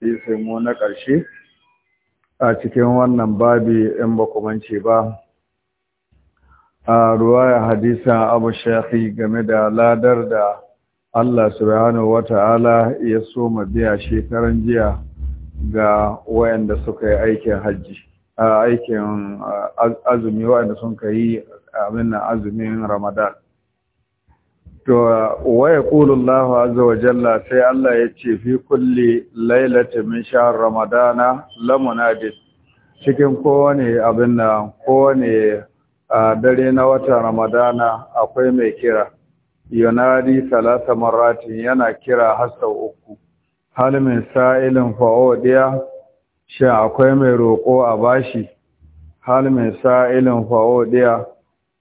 hadisin mu na ƙarshe a cikin wannan babi in ba ku mance ba a ruwaya hadisa abu shafi game da ladar da Allah subhanahu wata'ala ya so ma biya shekaran jiya ga wayanda suka yi aikin hajji aikin azumi wayanda sun ka yi amin azumin ramadan to wa yaqulu allahu azza wa jalla sai Allah ya ce fi kulli lailatin min shahr ramadana munadid cikin kowane abin nan kowane dare na watan ramadana akwai mai kira yunadi salata marati yana kira har sau uku hal min sa'ilin fa'udiya shi akwai mai roƙo a bashi hal sa'ilin fa'udiya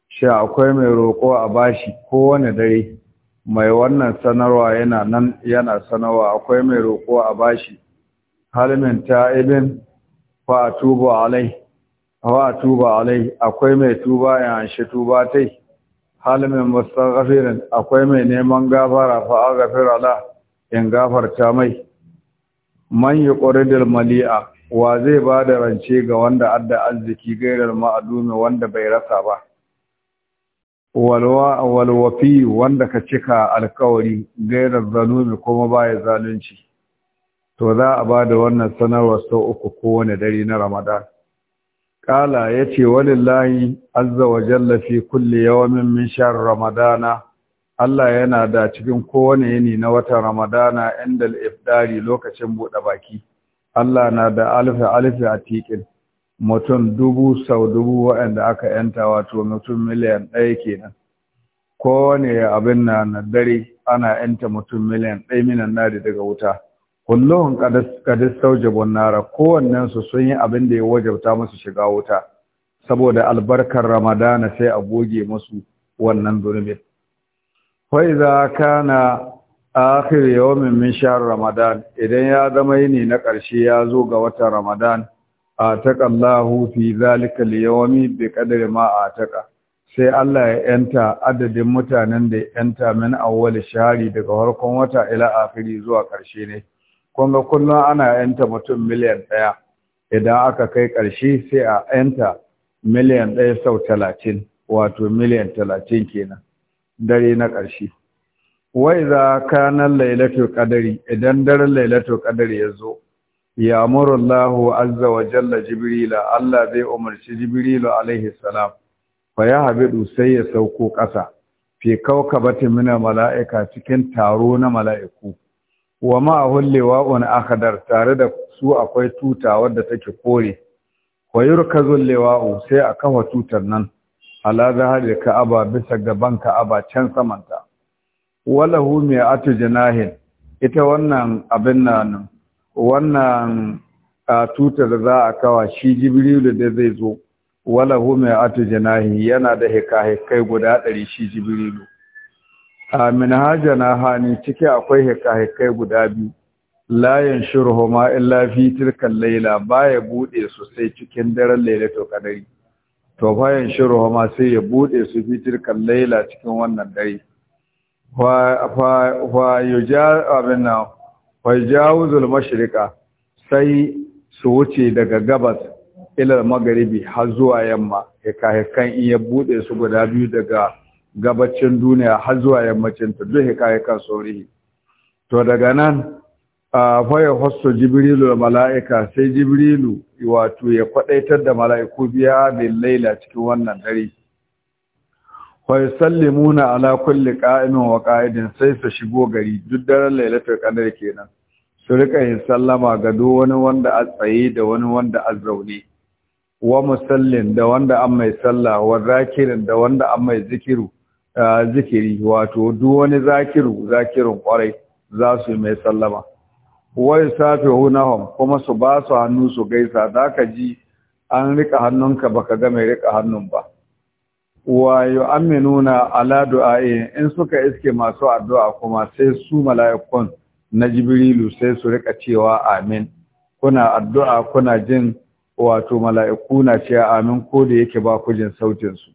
shi akwai mai roƙo a bashi kowane dare mai wannan sanarwa yana nan yana sanarwa akwai mai roƙo a bashi halimin ta ibin, fa tuba alai wa tuba alai akwai mai tuba ya anshi tuba tai halimin mustaghfirin akwai mai neman gafara fa aghfir la in gafarta mai man yuqridil mali'a wa zai ba da rance ga wanda adda arziki gairar ma'adumi wanda bai rasa ba walwafi wanda ka cika alkawari gairar zalumi kuma baya zalunci to za a ba da wannan sanarwar sau uku kowane dare na ramadan Ƙala ya ce walillahi azza wa jalla fi kulle min ramadana Allah yana da cikin kowane yini na watan ramadana inda lokacin buɗe baki Allah na da alfi alfi a tiƙin mutum dubu sau dubu waɗanda aka yanta wato mutum miliyan ɗaya kenan kowane abin na na dare ana yanta mutum miliyan ɗaya minan nari daga wuta kullum kadis saujabon nara kowannensu sun yi abin da ya wajabta musu shiga wuta saboda albarkar ramadana sai a goge musu wannan za Faizaka na akhir yawmin min shahr ramadan idan ya zama yini na ƙarshe ya zo ga watan ramadan a taƙa Allahu fi zalika liyawami bi qadri ma a sai Allah ya yanta adadin mutanen da ya yanta min awwal shahari daga farkon wata ila akhiri zuwa ƙarshe ne kun kullun ana yanta mutum miliyan ɗaya idan aka kai ƙarshe sai a yanta miliyan ɗaya sau talatin wato miliyan talatin kenan dare na ƙarshe wai za kana lailatul qadri idan daren lailatul qadri ya zo ya Allah azza wa jalla jibrila Allah zai umarci jibrilu alaihi salam fa ya habidu sai ya sauko ƙasa fi kawkabatin mina mala'ika cikin taro na mala'iku wa wa liwa'un akhadar tare da su akwai tuta wadda take kore wa yurkazul liwa'u sai a kafa tutar nan ala zahari ka'aba bisa gaban ka'aba can samanta walahu mi'atu janahin ita wannan abin nan wannan a tutar za a kawa shi jibrilu da zai zo wala hume atu janahi yana da heka-hekai guda ɗari shi jibrilu a minhajana hani ciki akwai heka-hekai guda biyu layin shirhuma illa fi tilkan laila baya buɗe su sai cikin daren lailatul qadari to bayan ma sai ya buɗe su fi tilkan laila cikin wannan dare fa fa yuja abinna fajawuzul mashirika sai su wuce daga gabas ilal magaribi har zuwa yamma hikahikan in iya bude su guda biyu daga gabacin duniya har zuwa yammacin ta duk hikahikan sorihi to daga nan a faya hosto jibrilu da mala'ika sai jibrilu wato ya kwadaitar da mala'iku biya da laila cikin wannan dare wa yusallimuna ala kulli qa'imin wa qa'idin sai su shigo gari duk daren lailatul qadr kenan su rika yin sallama ga duk wani wanda a tsaye da wani wanda a zaune wa musallin da wanda an mai salla wa zakirin da wanda an mai zikiru zikiri wato duk wani zakiru zakirin kwarai za su yi mai sallama wa yusafi hunahum kuma su ba su hannu su gaisa zaka ji an rika hannunka baka ga mai rika hannun ba wa yu'minuna ala du'a'i in suka iske masu addu'a kuma sai su mala'ikun na jibrilu sai su rika cewa amin kuna addu'a kuna jin wato mala'iku na cewa amin ko da yake ba ku jin sautin su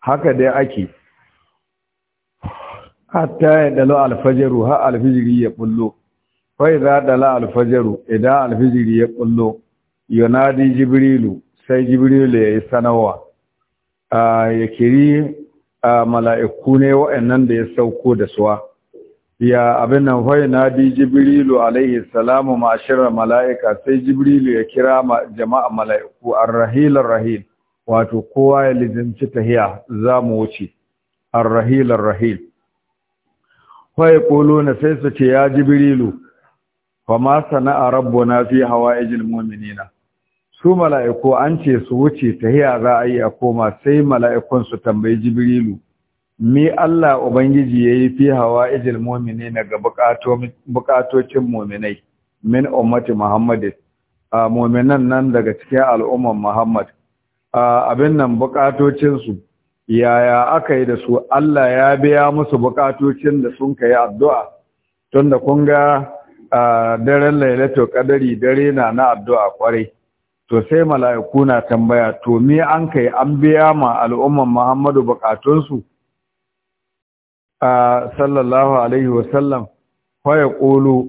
haka dai ake hatta ya dalo alfajaru ha alfijiri ya bullo fa idza dala alfajaru idan alfijiri ya bullo yunadi jibrilu sai jibrilu ya yi sanawa ya kiri mala'iku ne waɗannan da ya sauko da suwa ya abin nan na bi jibrilu alaihi salamu ma'ashirar mala'ika sai jibrilu ya kira jama'a mala'iku arrahilar rahil wato kowa ya lizinci tahiya za mu wuce arrahilar rahil hoyi kolo na sai su ce ya jibrilu fama sana'a rabbuna fi hawa'ijil mu'minina su mala'iku an ce su wuce tahiya za a yi a koma sai mala'ikun su tambayi jibrilu mi Allah Ubangiji ya yi fi hawa ijil momine na ga bukatocin mominai min ummati Muhammadin a mominan nan daga cikin al'umman Muhammad abin nan bukatocinsu yaya aka yi da su Allah ya biya musu bukatocin da sun ka yi addu'a tun da kun ga daren lailato kadari dare na na addu'a kwarai to sai mala'iku na tambaya to me an kai an biya ma al'umman Muhammadu bukatunsu sallallahu alaihi wasallam waya ƙolo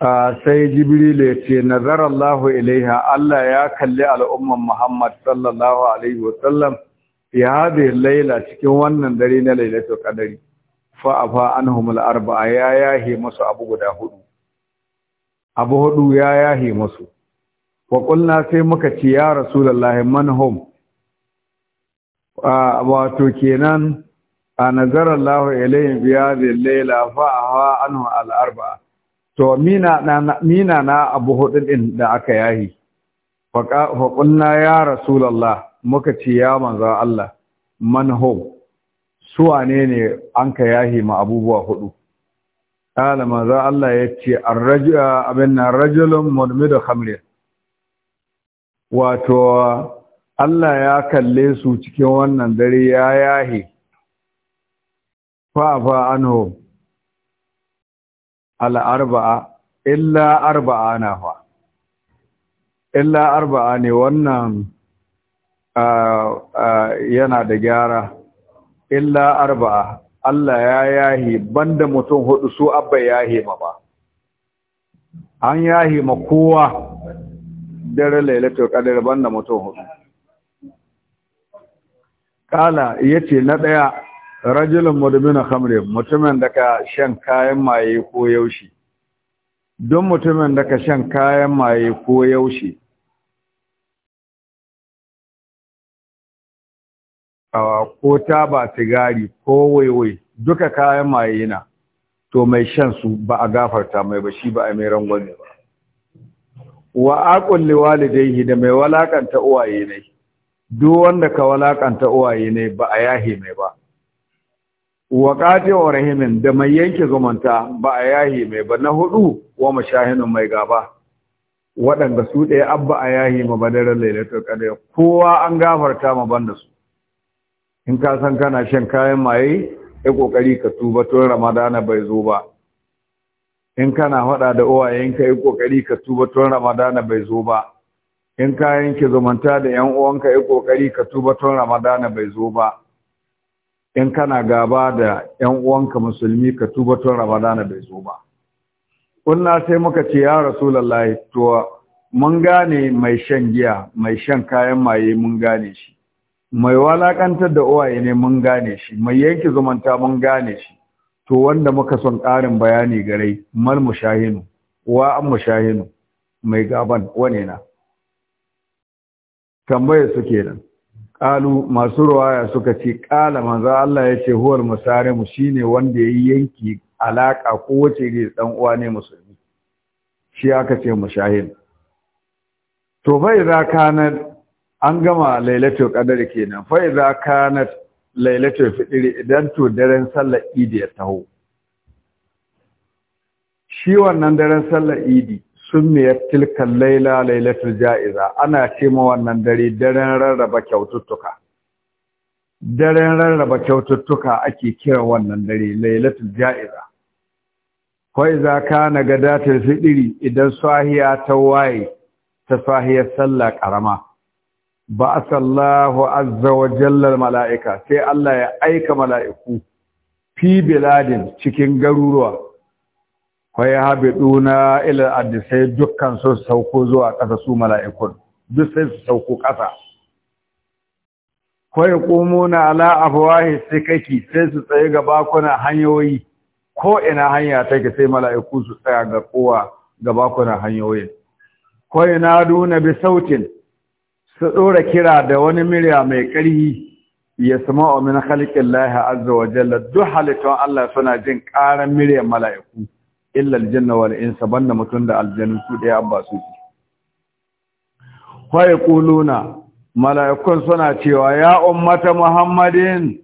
sai jibril ya ce nazarallahu ilaiha Allah ya kalli al'umman Muhammad sallallahu alaihi wasallam ya haɗe laila cikin wannan dare na lailatul qadari fa afa al arba'a ya yahi musu abu guda hudu abu hudu ya yahi musu wa qulna sai muka ce ya rasulullahi man hum wato kenan a nazarar lahu ilayhim biya hadhihi layla fa hawa anhu al to mina na abu hudu din da aka yahi Faƙunna ya rasulullah muka ce ya manzo Allah man hum su wanene ne an ka yahi ma abubuwa hudu qala manzo Allah yace ar-rajul abin rajulun mudmidu khamrin wato Allah ya kalle su cikin wannan dare ya yahi fa'afa anhu al'arba'a illa arba'a na fa illa arba'a ne wannan yana da gyara illa arba'a Allah ya yahi banda mutum hudu su abba yahi ma ba an yahi ma kowa dare lailatul qadr banda mutum hudu kala yace na ɗaya. rajulun mudmina khamri mutumin da ka shan kayan maye ko yaushe don mutumin da ka shan kayan maye ko yaushe ko taba sigari ko waiwai duka kayan maye na to mai shan su ba a gafarta mai ba shi ba a mai rangwane ba wa aqul liwalidayhi da mai walakanta uwaye ne duk wanda ka walakanta uwaye ne ba a yahe mai ba wa rahimin da mai yanke zumunta ba a yahi mai ba na hudu wa mashahinin mai gaba waɗanda su ɗaya abba a yahi ma badarar lailatul qadr kowa an gafarta ma banda su in ka san kana shan kayan maye ya kokari ka tuba tun ramadana bai zo ba in kana faɗa da uwayenka ya kokari ka tuba tun ramadana bai zo ba in ka yanke zumunta da yan uwanka ya kokari ka tuba tun ramadana bai zo ba in kana gaba da ‘yan uwanka musulmi ka tuba ramadana bai zo ba. Kunna sai muka ce ya Rasulallah to mun gane mai shan giya, mai shan kayan maye mun gane shi, mai walakantar da Uwa ne mun gane shi, mai yanki zumunta mun gane shi, to wanda muka son ƙarin bayani garai mal mushahinu, wa an mushahinu mai gaban wane na. Tambayar su kenan. Kalu, masu ruwaya suka ce ƙala manzo Allah ya ce huwar musarimu shine wanda ya yi yanki alaƙa ko wace ne ɗan uwa ne musulmi shi aka ce Shahin. to bai za kanat an gama lailatul kadar kenan fa idza kanat lailatul fitr idan to daren sallar idi ya taho shi wannan daren sallar idi summiyar tilkan laila lailatul ja'iza ana ce ma wannan dare daren rarraba kyaututtuka daren rarraba kyaututtuka ake kira wannan dare lailatul ja'iza kai za ka na gadatar fidiri idan sahiya ta waye ta sahiyar sallah karama ba sallahu azza wa jalla mala'ika sai Allah ya aika mala'iku fi biladin cikin garuruwa wai duna ila ardi sai dukkan su sauko zuwa ƙasa su mala'ikun duk sai su sauko ƙasa wai qumuna ala afwahi sikaki sai su tsaye ga bakuna hanyoyi ko ina hanya take sai mala'iku su tsaya ga kowa ga bakuna hanyoyin Koi na duna bi sautin su dora kira da wani murya mai ƙarfi ya sama min halikin azza wa jalla duk halittun Allah suna jin ƙaran muryar mala'iku illa aljanna wal insa banda mutun da aljanna su da abba su fa yaquluna mala'ikun suna cewa ya ummata muhammadin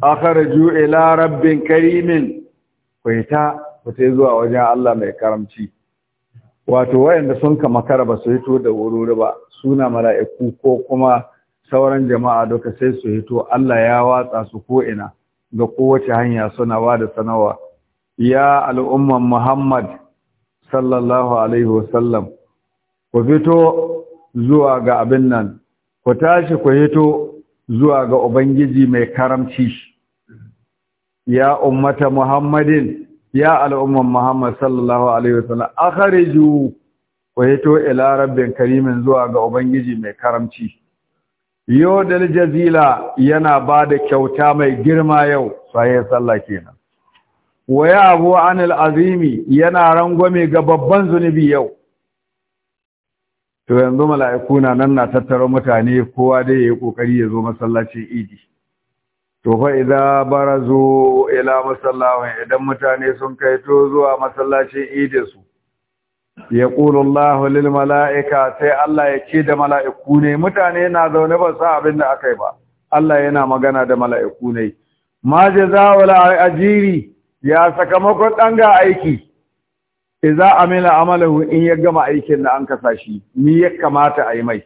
akharju ila rabbin karimin kaita kuta zuwa wajen Allah mai karamci wato wayanda sun kama kara ba su hito da wuri ba suna mala'iku ko kuma sauran jama'a duka sai su hito Allah ya watsa su ko ina ga kowace hanya suna ba da sanawa ya al'umman Muhammad sallallahu alaihi wasallam ku fito zuwa ga abin nan ku tashi ku hito zuwa ga ubangiji mai karamci ya ummata Muhammadin ya al'umman Muhammad sallallahu alaihi wasallam akhriju ku hito ila rabbin karimin zuwa ga ubangiji mai karamci yau dal jazila yana ba da kyauta mai girma yau saye sallah kenan wa ya abu anil azimi yana rangwame ga babban zunubi yau to yanzu mala'iku na nan na tattara mutane kowa da ya yi kokari ya zo masallacin idi to fa idza barazu ila masallawa idan mutane sun kai to zuwa masallacin idi su ya Allah lil mala'ika sai Allah ya ce da mala'iku ne mutane na zaune ba sa abin da aka yi ba Allah yana magana da mala'iku ne ma a ajiri ya sakamakon ɗan ga aiki iza Amina amalahu in ya gama aikin da an kasa shi ni ya kamata a yi mai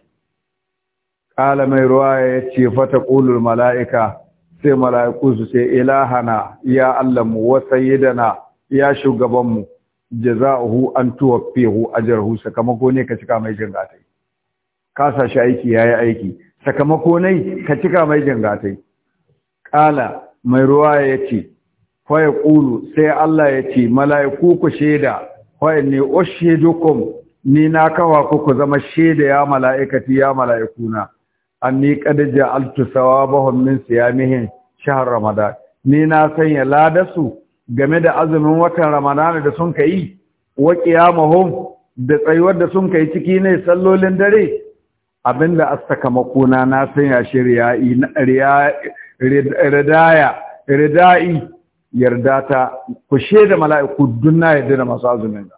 ƙala mai ruwa ya ce fata ƙulul mala'ika sai mala'iku su ce ilahana ya allahnmu da na ya shugabanmu jaza'uhu an a jarhu. sakamako ne ka cika mai gatai. ka sa shi aiki yi aiki sakamako ne ka cika mai gatai. ƙala mai ruwa ya ce faya ƙulu sai Allah ya ce mala'iku ku shaida faya ne o oshedukum ni na kawa ku ku zama shaida ya mala'ikati ya mala'ikuna An anni qad ja'altu sawabahum min siyamihim shahr ramadan ni na sanya ladasu game da azumin watan Ramadan da sun kai wa qiyamahum da tsayuwar da sun kai ciki ne sallolin dare abinda astakamakuna na sanya shi ridaya rida'i yarda ta ku da mala'iku dunna na yarda da masu azumin da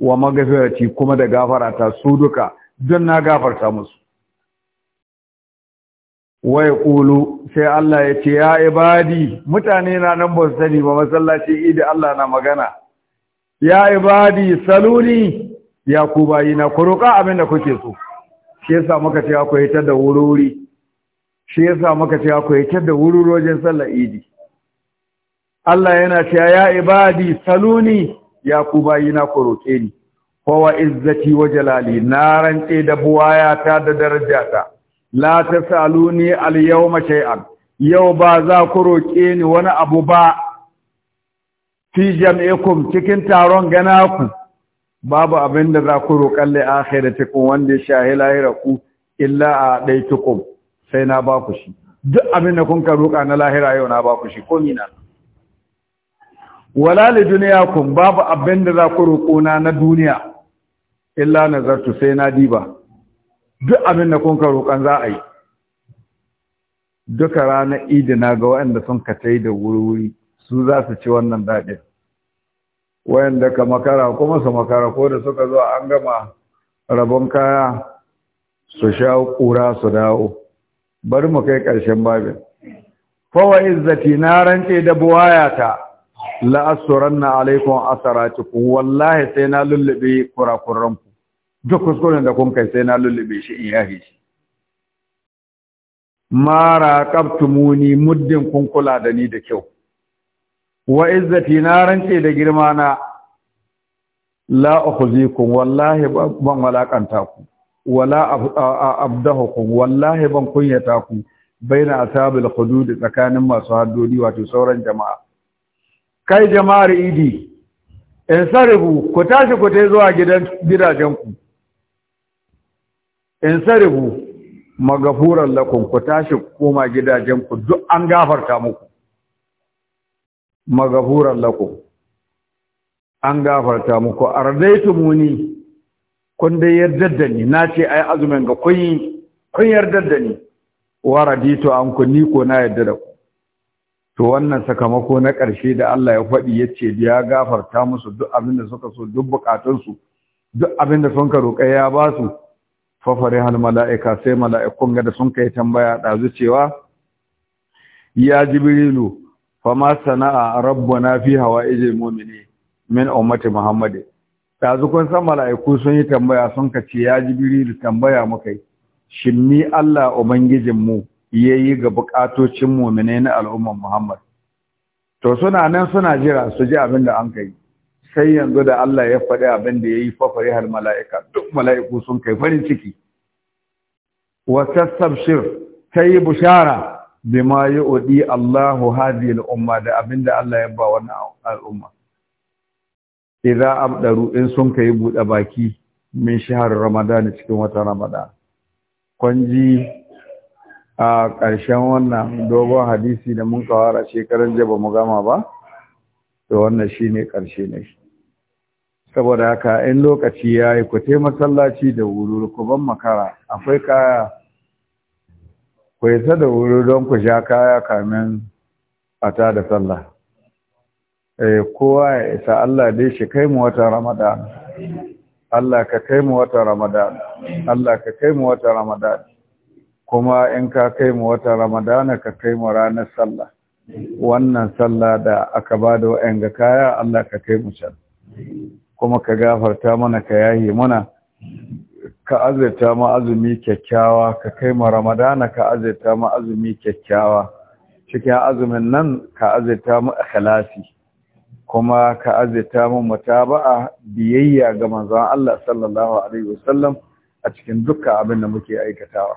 wa magafirati kuma da gafara ta su duka don na gafarta musu wai ƙulu sai Allah ya ce ya ibadi mutane na nan ba su sani ba masallaci idi Allah na magana ya ibadi saluni ya ku bayi na ku roƙa abin da kuke so shi yasa muka ce ku hitar da wurori shi yasa muka ce ku hitar da wurorojin sallar idi Allah yana cewa ya ibadi saluni ya ku bayina ku roke ni fa wa izzati wa jalali na rantse da buwayata da darajata la tasaluni al yawma shay'an yau ba za ku roke ni wani abu ba fi jam'ikum cikin taron gana ku babu abin da za ku roƙan akhirati ku wanda ya shahi lahiraku illa a daitukum sai na ba ku shi duk abin da kun ka roƙa na lahira yau na ba ku shi ko na wala li duniyakum babu abin da za ku roƙo na duniya illa nazartu sai na diba duk abin da kun ka roƙan za a yi duka ranar idina ga waanda sun ka tai da wuri su za su ci wannan daɗin waɗanda ka makara kuma su makara ko da suka zo an gama rabon kaya su sha kura su dawo bari mu kai ƙarshen babin fawa izzati na rance da buwayata la'asuranna alaikum asaratikum wallahi sai na lullube kurakuranku duk kuskuren da kun kai sai na lullube shi in yahi shi mara muni muddin kun kula da ni da kyau wa izzati na rance da girma na la ukhzikum wallahi ban walakanta ku wala abdahukum wallahi ban kunyata ku baina asabil hudud tsakanin masu haddodi wato sauran jama'a kai jama'ar idi in saribu ku tashi ku tai zuwa gidajenku in saribu magafuran lakun ku tashi koma gidajenku duk an gafarta muku magafuran lakun an gafarta muku ardaitu muni kun dai yarda da ni na ce ai azumin ga kun yarda da ni wa raditu an ku ni ko na yarda da ku to wannan sakamako na ƙarshe da Allah ya faɗi ya ce ya gafarta musu duk abin da suka so duk bukatunsu duk abin da sun ka roƙa ya ba su fafare hal mala'ika sai mala'ikun ga da sun kai tambaya ɗazu cewa ya jibrilu fama sana'a rabbuna fi hawa'ijil mu'mini min ummati muhammad ɗazu kun san mala'iku sun yi tambaya sun ka ce ya jibrilu tambaya muka kai. shin ni Allah ubangijin mu ya yi ga bukatocin muminai na al'ummar Muhammad. To suna nan suna jira su ji abin da an kai, sai yanzu da Allah ya faɗi abin da ya yi fafari har mala'ika, duk mala'iku sun kai farin ciki. Wasassabshir ta yi bushara bi ma yi Allahu hazi al'umma da abin da Allah ya ba wannan al'umma. Iza abdaru in sun kai buɗe baki min shahar Ramadan cikin wata Ramadan. Kwanji a ƙarshen wannan dogon hadisi da mun kawara shekarar jaba mu gama ba to wannan shi ne ƙarshe ne saboda haka in lokaci ya yi ku te sallaci da wuri ku ban makara akwai kaya ku isa da wuri don ku sha kaya kamin a ta da sallah eh, kowa ya isa Allah dai shi kai mu wata ramadan Allah ka kai mu wata ramadan Allah ka kai mu wata ramadan kuma in ka kai mu watan ramadana ka kai mu ranar sallah wannan sallah da aka ba da wa'yan ga kaya Allah ka kai mu can kuma ka gafarta mana ka yahi mana ka azurta ma azumi kyakkyawa ka kai mu ramadana ka azurta ma azumi kyakkyawa cikin azumin nan ka azurta mu ikhlasi kuma ka azurta mu mutaba'a biyayya ga manzon Allah sallallahu alaihi wasallam a cikin dukkan abin da muke aikatawa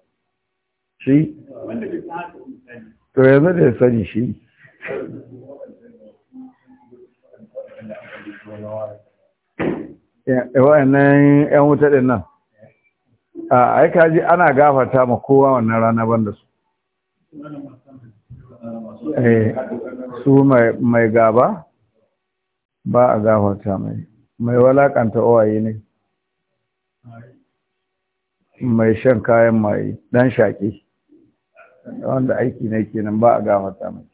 shi to yanzu da ya sani shi wa'annan 'yan wuta din nan a aika ji ana gafata ma kowa wannan rana banda su eh, su mai gaba ba a gafata mai mai walakanta owaye ne mai shan kayan mai dan shaƙi wanda aiki ne kenan ba a gafarta mai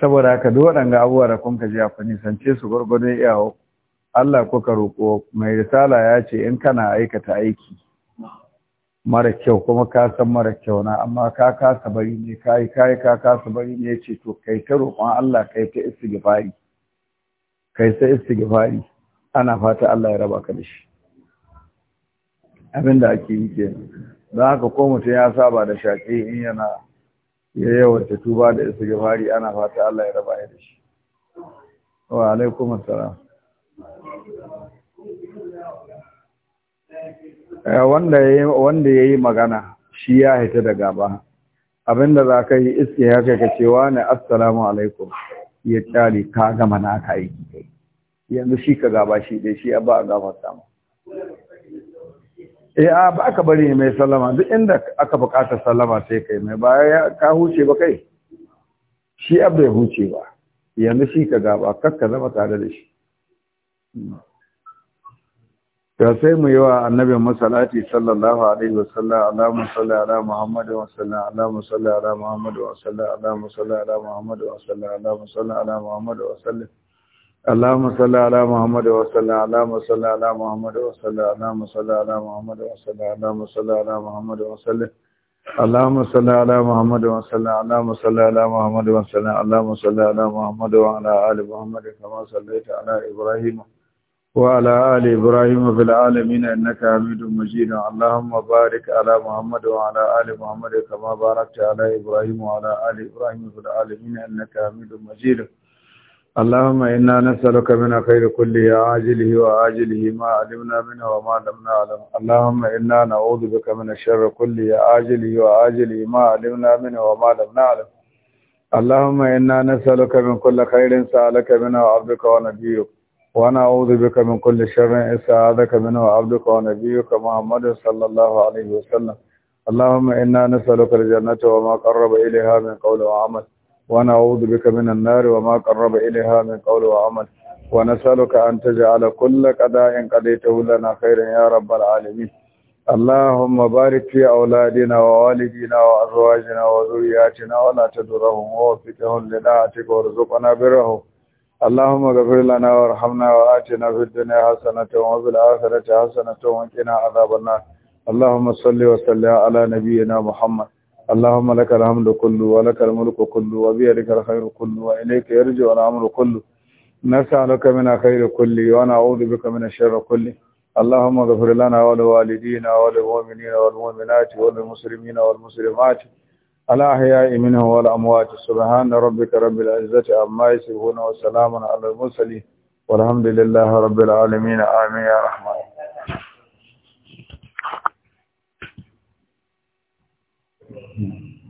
saboda haka duk waɗanga abubuwa da kun kaji ku nisance su gwargwadon iyawo. Allah ka roƙo mai risala ya ce in kana aikata aiki mara kyau kuma ka san mara kyau na amma ka kasa bari ne kai kai ka kasa bari ne ce to kai ta roƙon Allah kai ta istighfari kai sai istighfari ana fata Allah ya raba ka da shi abin da ake yi ke don haka ko mutum ya saba da shaƙe in yana ya yawanta tuba da isa gafari ana fata Allah ya raba ya da shi wa alaikum assalam eh, wanda ya yi magana shi ya haita da gaba abinda za ka yi iske ya kai ka cewa ne assalamu alaikum ya tsari ka gama na ka yi. yanzu shi ka gaba shi dai shi ya ba a gafarta mu eh a ba ka bari mai sallama duk inda aka bukatar sallama sai kai mai ba ya ka huce ba kai shi abu ya huce ba yanzu shi ka gaba kakka zama tare da shi Ya sai mu yi wa annabin masalati sallallahu alaihi wa sallam ala musalli ala muhammad wa sallam ala musalli ala muhammad wa sallam ala musalli ala muhammad wa sallam ala musalli ala muhammad wa sallam اللهم صل على محمد وصل على صل على محمد وصل على صل على محمد وصل على صل على محمد وصل اللهم صل على محمد وصل على صل على محمد وصل على صل على محمد وعلى ال محمد كما صليت على ابراهيم وعلى ال ابراهيم في العالمين انك حميد مجيد اللهم بارك على محمد وعلى ال محمد كما باركت على ابراهيم وعلى ال ابراهيم في العالمين انك حميد مجيد اللهم إنا نسألك من خير كله عاجله وآجله ما علمنا منه وما لم نعلم اللهم إنا نعوذ بك من الشر كله عاجله وآجله ما علمنا منه وما لم نعلم اللهم إنا نسألك من كل خير سألك منه عبدك ونبيك ونعوذ بك من كل شر سألك منه عبدك ونبيك محمد صلى الله عليه وسلم اللهم إنا نسألك الجنة وما قرب إليها من قول وعمل ونعوذ بك من النار وما قرب إليها من قول وعمل ونسألك أن تجعل كل قضاء قضيته لنا خيرا يا رب العالمين اللهم بارك في أولادنا ووالدينا وأزواجنا وذرياتنا ولا تدرهم ووفقهم لدعتك وارزقنا برهم اللهم اغفر لنا وارحمنا وآتنا في الدنيا حسنة وفي الآخرة حسنة وقنا عذاب النار اللهم صل وسلم على نبينا محمد اللهم لك الحمد كله ولك الملك كله وبيدك الخير كله وإليك يرجع الأمر كله نسألك من خير كله ونعوذ بك من الشر كله اللهم اغفر لنا ولوالدينا والمؤمنين والمؤمنات والمسلمين والمسلمات الأحياء منهم والأموات سبحان ربك رب العزة عما يصفون وسلام على المرسلين والحمد لله رب العالمين آمين يا رحمن 嗯。